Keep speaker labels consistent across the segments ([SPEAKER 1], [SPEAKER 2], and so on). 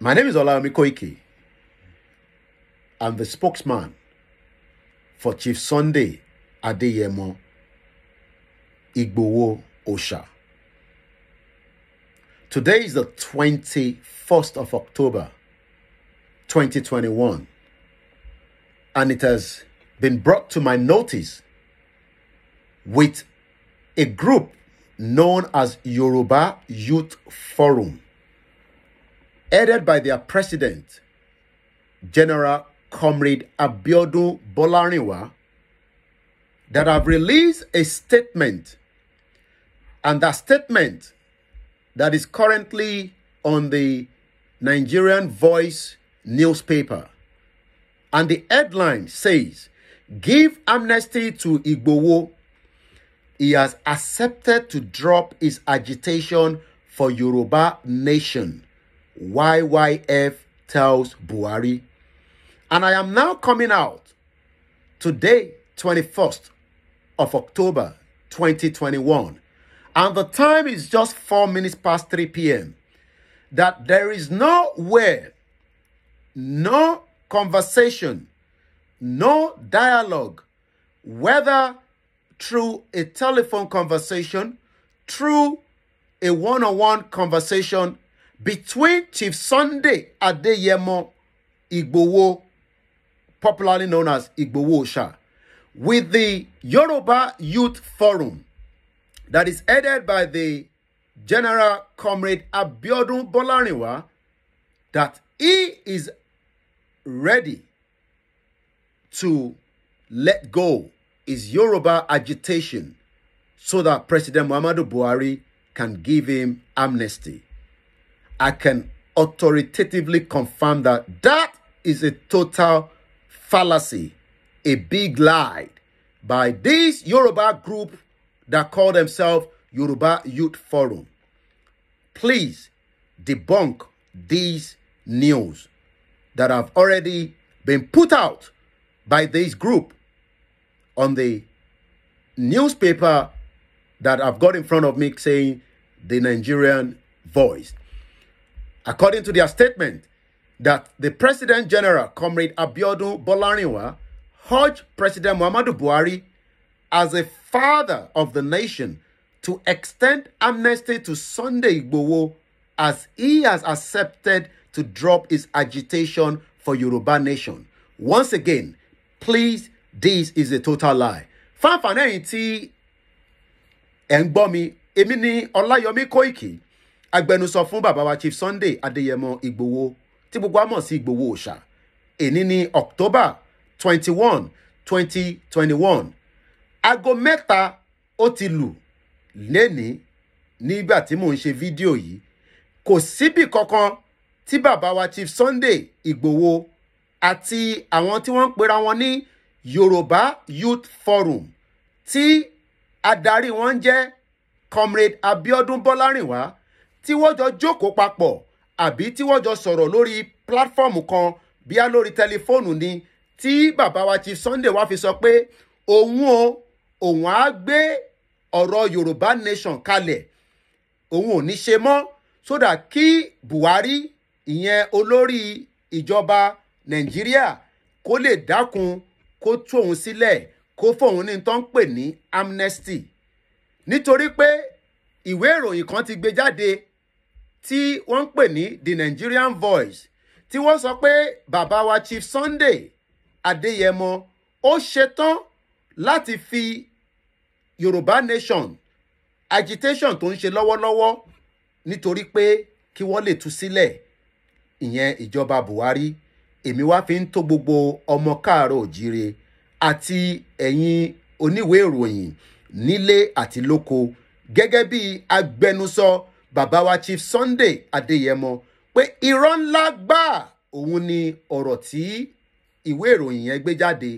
[SPEAKER 1] My name is Olaomi Koike. I'm the spokesman for Chief Sunday Adeyemo Igbowo Osha. Today is the 21st of October 2021 and it has been brought to my notice with a group known as Yoruba Youth Forum headed by their president, General Comrade Abiodun Bolariwa, that have released a statement, and that statement that is currently on the Nigerian Voice newspaper. And the headline says, Give amnesty to Igbowo. He has accepted to drop his agitation for Yoruba nation. YYF tells Buhari. And I am now coming out today, 21st of October 2021. And the time is just 4 minutes past 3 p.m. That there is nowhere, no conversation, no dialogue, whether through a telephone conversation, through a one -on -one conversation between Chief Sunday Adeyemo Igbowo, popularly known as Igbowo Osha, with the Yoruba Youth Forum that is headed by the General Comrade Abiodun Bolaniwa, that he is ready to let go his Yoruba agitation so that President Muhammadu Buhari can give him amnesty. I can authoritatively confirm that that is a total fallacy, a big lie by this Yoruba group that call themselves Yoruba Youth Forum. Please debunk these news that have already been put out by this group on the newspaper that I've got in front of me saying the Nigerian voice. According to their statement, that the President General, Comrade Abiodun Bolarinwa, urged President Muhammadu Buhari as a father of the nation to extend amnesty to Sunday Igbowo as he has accepted to drop his agitation for Yoruba nation. Once again, please, this is a total lie. Fanfan ẹ̀yìn tí ẹ̀ ń gbọ́ Ọláyọmí Kóìkì agbẹnusọ fún bàbá wa chief sunday adéyẹmọ igbowo tí gbogbo wa mọ̀ sí ìgbòho òòṣà èní ní october twenty one twenty twenty one aago mẹ́ta ó ti lù lẹ́ni nígbà tí mò ń ṣe fídíò yìí kò síbì kankan tí bàbá wa chief sunday igbowo àti àwọn tí wọ́n ń pera wọn ní yorùbá youth forum tí adarí wọn jẹ́ comrade abiodun bọ́lárìnwá tí wọ́n jọ jókòó papọ̀ àbí tí wọ́n jọ sọ̀rọ̀ lórí platform kan bíá lórí tẹlifóònù ni tí bàbá wa Chief Sunday wá fi sọ pé òun o òun á gbé ọ̀rọ̀ Yorùbá nation kalẹ̀ òun ò ní ṣe mọ́ sódà kí Buhari ìyẹn olórí ìjọba Nàìjíríà kó lè dákun kó tú òun sílẹ̀ kó fóun ní tó ń pè ní amnesty nítorí pé ìwé ìròyìn kan ti gbé jáde tí wọ́n ń pè ní the Nigerian Voice tí wọ́n sọ pé bàbá wa Chief Sunday Adéyẹmọ ó ṣetán láti fi Yorùbá Nation agitation tó ń ṣe lọ́wọ́lọ́wọ́ nítorí pé kí wọ́n lè tú sílẹ̀ ìyẹn ìjọba Buhari èmi wá fi ń tó gbogbo ọmọ káàárọ̀ òjíire àti ẹ̀yin oníwèé ìròyìn nílé àti lóko gẹ́gẹ́ bí agbẹnusọ so, bàbá wa Chief Sunday Adéyẹmọ pé irọ́ ńlá gbáà òun ni ọ̀rọ̀ tí ìwé ìròyìn yẹn gbé jáde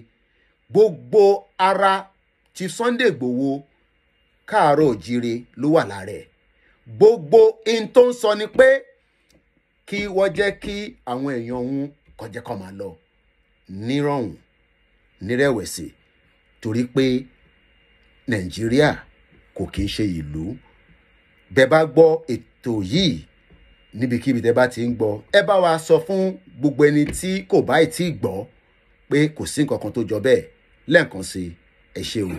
[SPEAKER 1] gbogbo ara Chief Sunday Igboho káàárọ̀ òjire ló wà lára ẹ̀ gbogbo in tó ń sọ ni pé kí wọ́n jẹ́ kí àwọn èèyàn òun kọjá kan máa lọ nírọ̀hún nírẹ̀wẹ̀sì torí pé Nàìjíríà kò kí ń ṣe ìlú bẹ́ bá gbọ́ ètò yìí níbikíbi tẹ́ bá ti ń gbọ́ ẹ bá wa sọ fún gbogbo ẹni tí kò bá tí ì pé kò sí nǹkan kan tó jọ bẹ́ẹ̀ lẹ́ẹ̀kan sí ẹ ṣeun.